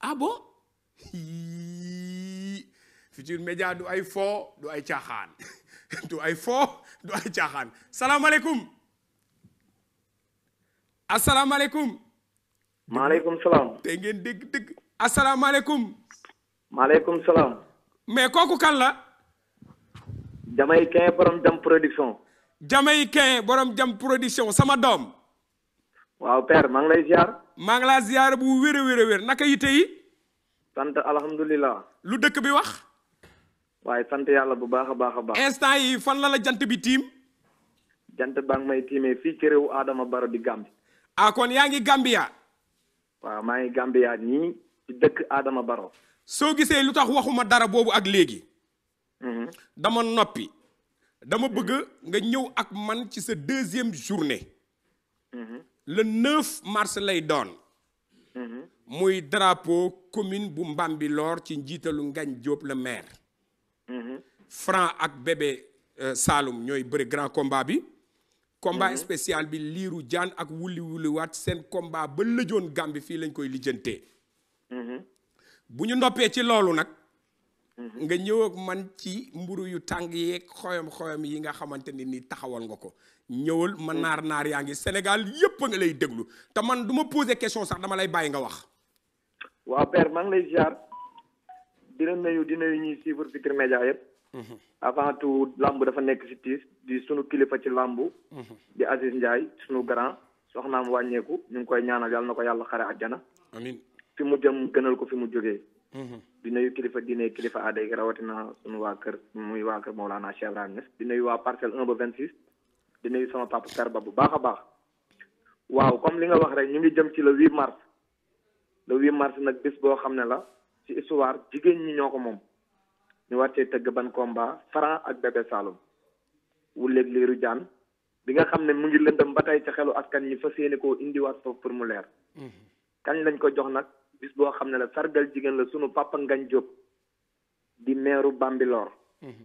ah bon Futurs Médias du ay foo du ay caaxaan du ay foo du ay caaxaan salaamaaleykum asalaamaaleykum. maaleykum salaam. te ngeen dégg dégg. asalaamaaleykum. salaam. mais kooku kan la. Jamaïcain borom jam production. Jamaïcain borom jam production sama doom. waaw père maa ngi lay ziar. maa ngi laa ziar bu wér a wér a wér naka yite yi. sant alhamdulilah. lu dëkk bi wax. waaye sant yàlla bu baax a baax a baax. instant yi fan la la jant bi tiim. jant baa ngi may tiimee fii ci réewu Adama Baro di Gambie. ah kon yaa ngi Gambia. waaw maa ngi Gambia nii dëkk Adama Baro. soo gisee lu tax waxuma dara boobu ak léegi. Mhm. dama noppi. dama bëgg nga ñëw ak man ci sa deuxième journée. Mhm. le 9 mars lay doon mhm. muy drapeau commune bu Mbambilor ci njiitalu Ngagne Diop le maire mhm. Franc ak bébé euh, Saloum ñooy bëri grand combat bi combat mhm. spécial bi liiru jaan ak wuli wuli waat seen combat ba lëjoon Gàmbi fii lañ koy lijjantee bu ñu noppee ci loolu nag Mm-hmm. nga ñëw ak man ci mburu yu tàng yeeg xoyam xoyam yi nga xamante ne ni taxawal nga ko ñëwal ma mm-hmm. naar naar yaa ngi Sénégal yëpp a nga lay déglu te man du ma poser question sax dama lay bàyyi nga wax. waaw père maa ngi lay ziar dina nuyu dina ñuy suivre Futurs Médias yëpp. Mm-hmm. avant tout lamb dafa nekk si tiis di sunu kilifa ci lamb. di Aziz Ndiaye sunu grand soxnaam wàññeeku ñu koy ñaanal yàlla na ko yàlla xare àjjana. amiin fi mu jëm gënal ko fi mu jógee. di nuyu kilifa di nuyu kilifa aaday rawatina sunu waa kër muy waa kër Mawlana Cheikh Ibrahima Niass di nuyu waa parcelle un ba vingt six di nuyu sama papa Karba bu baax a baax waaw comme li nga wax rek ñu ngi jëm ci la huit mars le huit mars nag bis boo xam ne la ci histoire jigéen ñi ñoo ko moom ñu wàccee tëgg ban combat Franc ak Bébé Saloum wuleeg liiru jaan bi nga xam ne mu ngi lëndëm ba tey ci xelu askan ñi fa yéene koo indiwaat foofu pour mu leer mm-hmm. ko jox nag bis boo xam ne la sargal jigéen la sunu papa Ngagne Diop di meeru Bambilor mhm.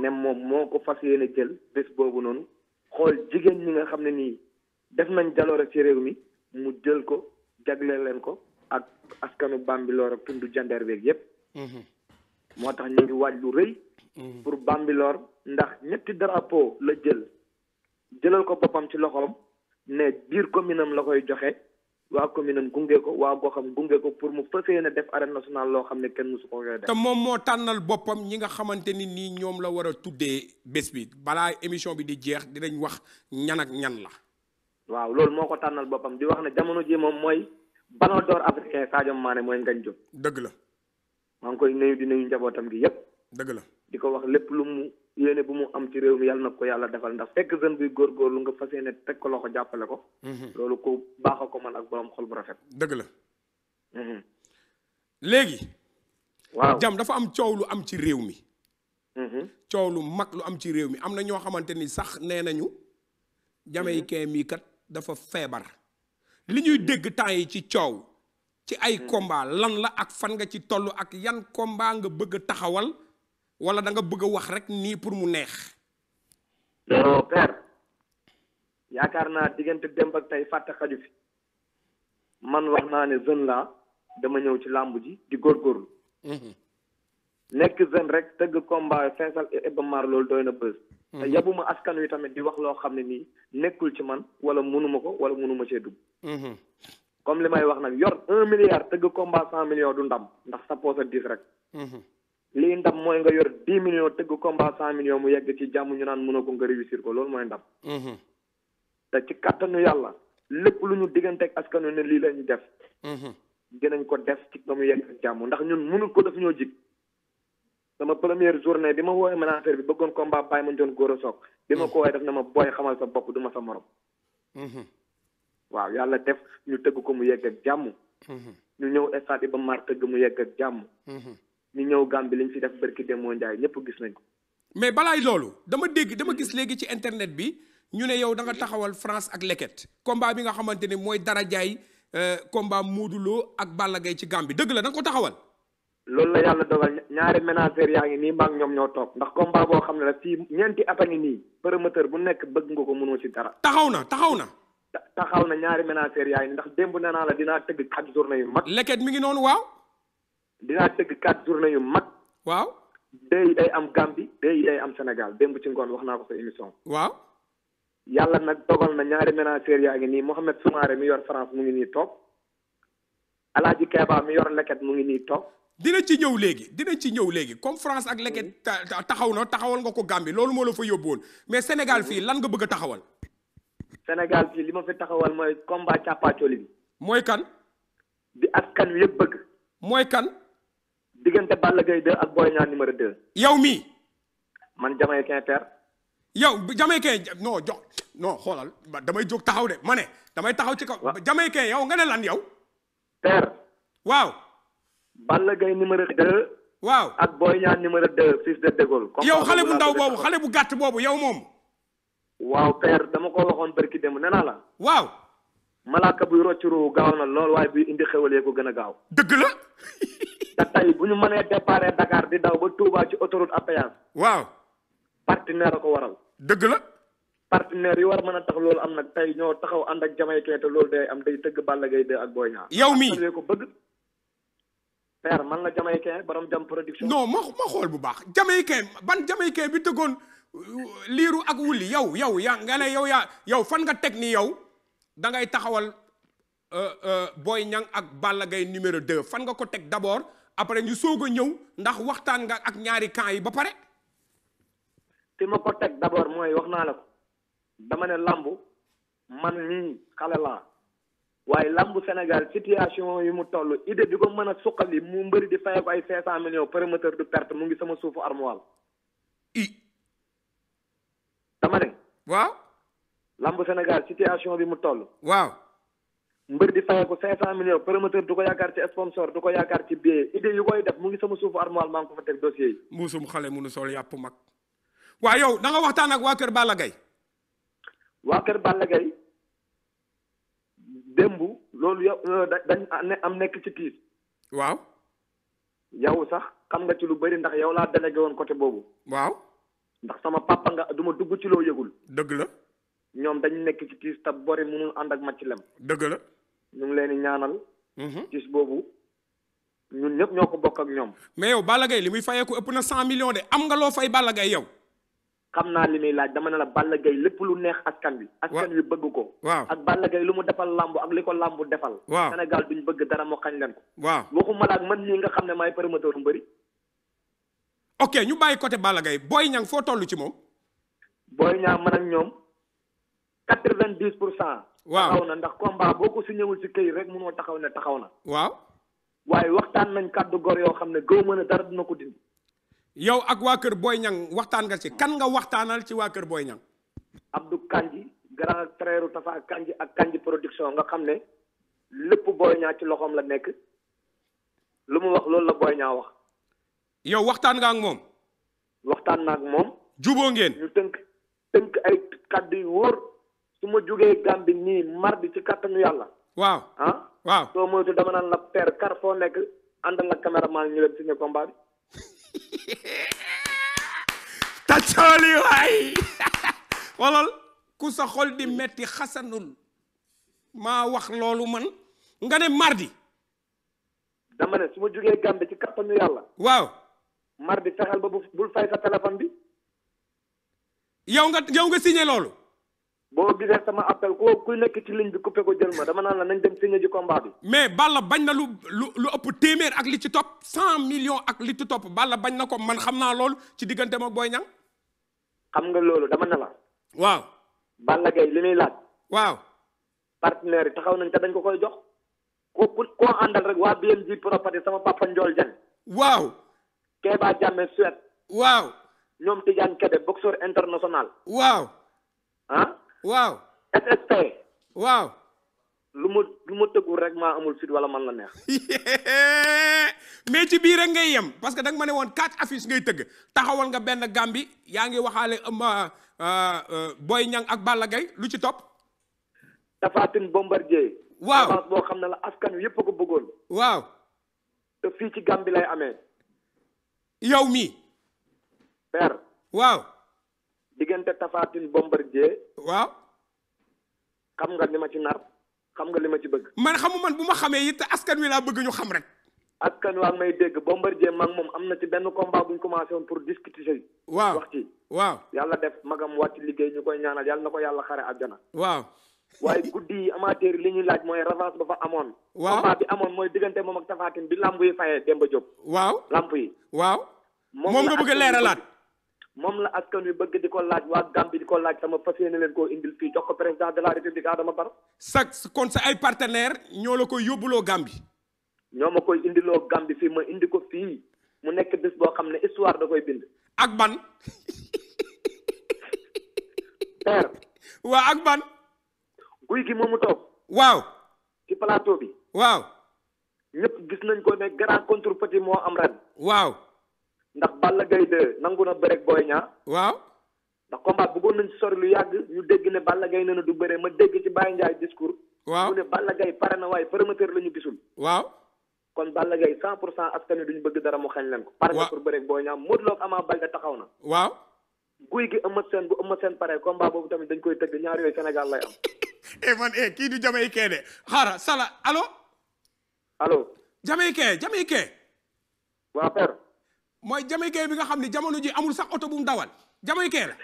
ne moom moo ko fas yéene jël bés boobu noonu xool jigéen ñi nga xam ne nii def nañ jaloore ci réew mi mu jël ko jagleel leen ko ak askanu Bambilor ak tundu jandeer beeg yépp mhm. moo tax ñu ngi waaj lu rëy mhm. pour Bambilor ndax ñetti drapeau la jël jëlal ko boppam ci loxoom ne biir commune la koy joxe waa commune am gunge ko waa goxam gunge ko pour mu fas yéene def arène nationale loo xam ne kenn musu ko def. tam moom moo tànnal boppam ñi nga xamante ni nii ñoom la war a tuddee bés bi balaa émission bi di jeex dinañ wax ñan ak ñan la. waaw loolu moo ko tànnal boppam di wax ne jamono ji moom mooy ballon d'or africain Sadio Mané mooy Ngagne Diop. dëgg la. maa ngi koy nuyu di njabootam gi yépp dëgg la di ko wax lépp lu mu yéene bu mu am ci réew mi yàlla nag ko yàlla defal ndax fekk jeune buy góorgóorlu nga fas yéene teg ko loxo jàppale ko. Mhm. loolu ko baax ko man ak borom xol bu rafet. dëgg la. Mhm. léegi. waaw jam dafa am coow lu am ci réew mi. Mhm. coow lu mag lu am ci réew mi am na ñoo xamante ni sax nee nañu. jamaïcain mii kat dafa feebar. li ñuy dégg temps yi ci coow. ci ay combat lan la ak fan nga ci toll ak yan combat nga bëgg taxawal. wala danga nga bëgg wax rek nii pour mu neex. non père yaakaar naa diggante démb ak tey fàtte xaju fi man wax naa ne jeune laa dama ñëw ci làmb ji di góor góorgóorlu. Mhm. nekk jeune rek tëgg combat cinq cent et Mar loolu doy na bës. Mhm. te yabuma askan wi tamit di wax loo xam ne nii nekkul ci man wala mënuma ko wala mënuma cee dugg. Mhm. comme li may wax nag yor un milliard tëgg combat cent millions du ndam ndax sa poche a diis rek. lii ndam mooy nga yor dix millions tëgg combat cent millions mu yegg ci jàmm ñu naan mënoo ko nga réussir ko loolu mooy ndam. Mhm. te ci kattanu yàlla lépp lu ñu diggante ak askanu ne lii la ñu def. Mhm. dinañ ko def ci ba mu yegg ak jàmm ndax ñun mënul ko def ñoo jig sama première journée bi ma woowee manager bi bëggoon combat bàyyi ma doon góor a soog bi ko woowee def na ma booy xamal sa bopp du sa morom. Mhm. waaw yàlla def ñu tëgg ko mu yegg ak jàmm. ñu ñëw stade bi ba mar tëgg mu yegg ak jàmm. ñu ñëw Gambie li ñu fi def barki Demba Ndiaye ñëpp gis nañ ko. mais balaay loolu dama dégg dama gis léegi ci internet bi ñu ne yow danga taxawal France ak leket combat bi nga xamante ne mooy dara jaay euh, combat Modou Lo ak Balla Gaye ci Gambie dëgg la da nga ko taxawal. loolu la yàlla dogal ñaari ménagères yaa ngi nii maa ñoom ñoo toog ndax combat boo xam ne la fii ñeenti at a ngi nii promoteur bu nekk bëgg nga ko mënoo ci dara. taxaw na taxaw na. taxaw na ñaari ménagères yaa ngi ndax démb nee naa la dinaa tëgg quatre journée yu mag. leket mi ngi noonu waaw. dinaa tëgg quatre journée yu mag. waaw day yi day am Gambie day yi day am Sénégal démb ci ngoon wax naa ko sa émission. waaw. yàlla nag dogal na ñaari ménagères yaa ngi nii Mohamed Soumaré mi yor France mu ngi nii toog Alaaji Keba mi yor leket mu ngi nii toog. dina ci ñëw léegi dina ci ñëw léegi comme France ak leket taxaw na taxawal nga ko Gambie loolu moo la fa yóbbuwoon mais Sénégal fii lan nga bëgg a taxawal. Sénégal fii li ma fi taxawal mooy combat càppaacoli bi. mooy kan. bi askan diggante Balla gay 2 ak Boy Niang numéro 2. yow mii. man Jamaïcain père. yow Jamaïcain non jox non xoolal damay jóg taxaw de ma ne damay taxaw ci kaw. waaw Jamaïcain yow nga ne lan yow. père. waaw. Balla Gaye numéro 2. waaw ak booy Niang numéro 2 fils de De Gaulle. xale bu ndaw boobu xale bu gàtt boobu yow moom. waaw père dama ko waxoon barki démb nee naa la. waaw. malaaka buy rocc ruu gaaw na lool waaye buy indi xewal yee ko gën a gaaw. dëgg la. te tali bu ñu mënee déparé Dakar di daw ba Touba ci autoroute à péage. waaw. partenaire a ko waral. dëgg la. partenaire yi war mën a tax loolu am nag tey ñoo taxaw ànd ak jamaykee te loolu day am day tëgg Balla Gaye 2 ak Boy Niang. yow mii ko bëgg. père man la jamaykee borom jam production. bu baax jamaykee ban jamaykee bi tëggoon euh, liiru ak wulli yow yow yaa nga ne yow yaa yow fan nga teg ni yow da ngay taxawal euh, euh, Boy Niang ak Balla Gaye numéro 2 fan nga ko teg d'abord. après ñu soog a ñëw ndax waxtaan nga ak ñaari camp yi ba pare. fi ma ko teg d'abord mooy wax naa la ko dama ne làmb man nii xale waaye làmb Sénégal situation yi mu toll idée bi ko mën a suqali mu mbëri di fay ko ay 500 millions promoteur de perte mu ngi sama suufu armoire. i dama ne. waaw. làmb Sénégal situation bi mu toll. waaw. mbër di fayee ko cinq cent millions promoteur du ko yaakaar ci sponsor du ko yaakaar ci billet idée yu koy def mu ngi sama suufu armoire maa ngi ko fa teg dossier yi. mbuusum xale mu sol yàpp mag. waa yow da nga waxtaan ak waa Kër Balla Gaye. démb loolu yow euh, dañ am nekk ci tiis. waaw. yow sax xam nga ci lu bëri ndax yow laa délégué woon côté boobu. waaw. ndax sama papa nga du ma dugg ci loo yëgul. dëgg la. ñoom dañu nekk ci tiis tab bori mënul ànd ak Maty Lem. dëgg la. ñu ngi leen di ñaanal. Mhm. tiis boobu ñun ñëpp ñoo ko bokk ak ñoom. mais yow Balla li muy fayeeku ëpp na cent millions de am nga loo fay Balla Gaye yow. xam naa li muy laaj dama ne la Balla Gaye lépp lu neex askan bi askan wi bëgg ko. waaw ak Balla Gaye lu mu defal làmb ak li ko làmbu defal. waaw Sénégal duñ bëgg dara moo xañ leen ko. waaw waxuma la ak man mii nga xam ne maay promoteur mu bari ok ñu bàyyi côté Balla Gaye Boy Niang foo toll ci moom. Boy Niang ñoom. quatre vingt pour cent. waaw taxaw na ndax combat boo ko ñëwul ci këyit rek mënoo taxaw ne taxaw na. waaw. waaye waxtaan nañ kàddu gor yoo xam ne gëw mën a dara dina ko dindi. yow ak waa Kër Boy Niang waxtaan nga ci kan nga waxtaanal ci waa Kër Boy Niang. Abdou Kandji grand frère Tafa Kandji ak Kandji production nga xam ne lépp Boy Niang ci loxoom la nekk lu mu wax loolu la Boy Niang wax. yow waxtaan nga ak moom. waxtaan na ak moom. juboo ngeen ñu tënk tënk ay kàddu yu wóor. su ma jógee Gambie nii mardi ci kàttanu yàlla. waaw ah? waaw soo moytu dama naan la père kar foo nekk àndal la caméraman bi. tàccooli waay walal ku maa wax loolu man nga ne mardi. dama ne su ma jógee Gambie ci kàttanu yàlla. waaw. mardi fexeel ba bul fay sa téléphone bi. yow nga yow nga signé loolu. boo gisee sama appel ku kuy nekk ci ligne bi coupé ko jël ma dama naan la nañ dem signé ji combat bi. mais Balla bañ na lu lu lu ëpp téeméer ak li ci topp cent millions ak li ci topp Balla bañ na ko man xam naa lool ci diggante ma booy Niang. xam nga loolu dama ne la. waaw. Balla Gaye li muy laaj. waaw. partenaire yi taxaw nañ te dañ ko koy jox. ku ko àndal rek waa BMG Property sama papa Ndiol Dieng. waaw. Kéba Jammeh Suède. waaw. ñoom Tidiane Kébé boxeur international. waaw. Ah? waaw. waaw. lu ma lu ma tëggul rek maa amul fit wala man la neex. mais ci biir rek ngay yem parce que danga ma ne woon quatre affiches ngay tëgg taxawal nga benn gambi yaa ngi waxaale um, uh, uh, Boy Niang ak Balla Gaye lu ci topp. Tapha Tine Bombardier. waaw boo xam ne la askan wi yëpp a ko bëggoon. waaw. te fii ci gambi lay ame yow mii. waaw. diggante Tafatine Bombardier. waaw. xam nga li ma ci nar xam nga li ma ci bëgg. man xamu man bu ma xamee it askan wi laa bëgg ñu xam rek. askan waa may dégg Bombardier mag moom am na ci benn combat bu ñu commencé woon pour discuter. waaw wax ci. waaw yàlla def magam wàcc liggéey ñu koy ñaanal yàlla na ko yàlla xare àjjana. waaw. waaye guddi yi amateur li ñuy laaj mooy revanche ba fa amoon. waaw combat bi amoon mooy diggante moom ak Tafatine bi lamp yi fayee Demba Diop. waaw lamp yi. waaw moom nga bëgg a moom la askan wi bëgg di ko laaj waa Gambie di ko laaj sama fas yéene leen koo indil fii jox ko président de la république Adama Barrow. sax kon sa ay partenaire ñoo la koy yóbbuloo Gambie. ñoo ma koy indiloo Gambie fii ma indi ko fii mu nekk bés boo xam ne histoire da koy bind. ak ban. père. waaw ak ban. guy gi moomu toog. waaw. ci plateau bi. waaw. ñëpp gis nañ ko ne grand contre petit moo am ren. waaw. ndax Balla Gaye 2 nangu na bëre ak Boy Niang waaw ndax combat bëggoon nañ sori lu yàgg ñu dégg ne Balla gay nee na du bëree ma dégg ci Baye Ndiaye discours waaw mu ne Balla Gaye pare na waaye promoteur la ñu gisul waaw kon Balla Gaye cent pour cent askan wi ñu bëgg dara mu xañ leen ko pare na pour bëre ak Boy Niang Modou Lo ak taxaw na waaw guy gi Eumeu Sène bu Eumeu Sène pare combat boobu tamit dañ koy tëgg ñaar yooyu Sénégal lay am eh man eh kii du Jamaïcain de xaara sala allo allo Jamaïcain Jamaïcain waa père mooy jamaïcain bi nga xam ne jamono ji amul sax oto bu mu dawal jamaïcain la.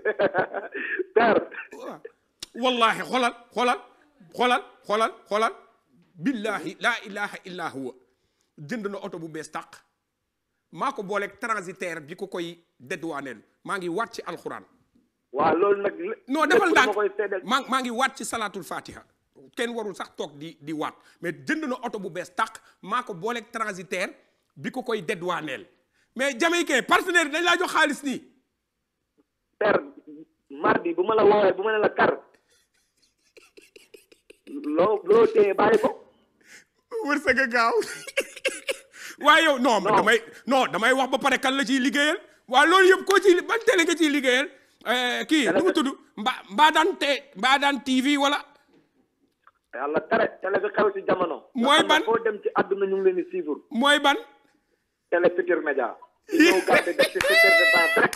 père. wallaahi xoolal xoolal xoolal xoolal xoolal. billahi laa ilaha illa huwa jënd na oto bu bees tàq maa ko booleeg transitaire bi ko koy dédouaneel maa ngi waat ci alxuraan. waaw loolu nag. defal ndànk maa maa ngi waat ci salaatu fatiha. ken warul sax toog di di waat mais jënd na oto bu bees tàq maa ko booleeg transitaire. bi ko koy dédouaneel mais jamaïcain partenaire yi dañ laa jox xaalis nii. père mardi bu ma la woowee bu ma ne la kar loo loo téye bàyyi ko. wërsëg a gaaw. waaye yow non damay non damay wax ba pare kan la ciy liggéeyal waa loolu yëpp koo ciy ban télé nga ciy liggéeyal euh, kii nu mu tudd mba mbaa daan te mbaa daan TV wala. jamono. mooy ban dem ci àdduna ñu ngi leen di mooy ban. Télé Futurs Médias. ñëw gàddu def ci super de base rek.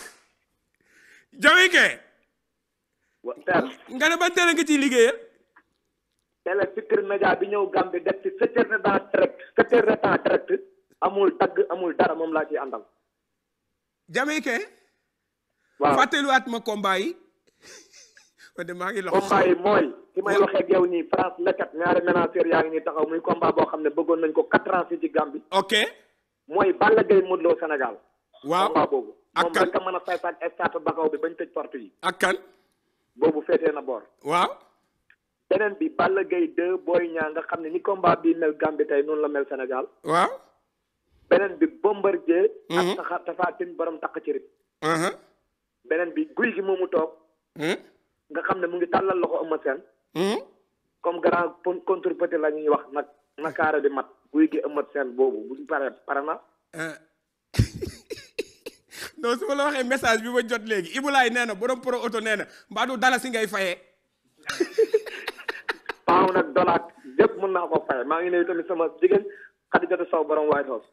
Jawike. nga ne ban télé nga ciy liggéeyal. Télé Futurs Médias bi ñëw Gambie def ci sept de temps direct amul tagg amul dara moom laa ciy àndal. Jamaïcain. waaw fàttaliwaat ma combat yi. wante ngi loxo combat yi mooy. ki may waxee ak nii France lekkat ñaari ménageurs yaa ngi nii taxaw muy combat boo xam ne bëggoon nañ ko quatre ans fii ci Gambie. ok. mooy Balla Gaye Modou Lo Sénégal. waaw combat boobu. moom rek a mën a sayt ak stade Bakaw bi bañ tëj porte yi. ak kan. boobu féetee na boor. waaw. beneen bi Balla Gaye 2 Boy Niang nga xam ne ni combat bii mel Gambie tey noonu la mel Sénégal. waaw. beneen bi Bombardier. Mhm. ak taxa Tapha Tine borom takk ci rek. Uh-huh. beneen bi guy gi moomu toog. Hmm? nga xam ne mu ngi tàllal loxo Eumeu Sène. Hmm? comme grand contre petit la ñuy wax na nakaara di mat. guy gi ëmmat seen boobu buñ paree pare na. non su ma la waxee message bi ma jot léegi Ibulaay nee na borom pro auto nee na mbaa du dala si ngay fayee. waaw nag dolaat yëpp mën naa ko fay maa ngi nuyu tamit sama jigéen Xadijatu Saw borom White House.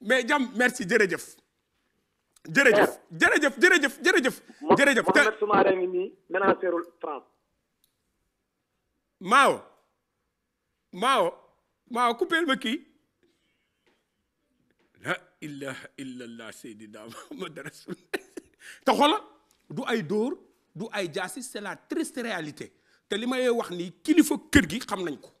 mais jàmm merci jërëjëf. jërëjëf jërëjëf jërëjëf jërëjëf. jërëjëf te Mohamed Soumaré Maaw. Maaw Maaw coupé ma kii. ilaha illallah seydina muhammad rasul te xoolal du ay dóor du ay jaasi c'est la triste réalité te li may wax nii kilifa kër gi xam nañ ko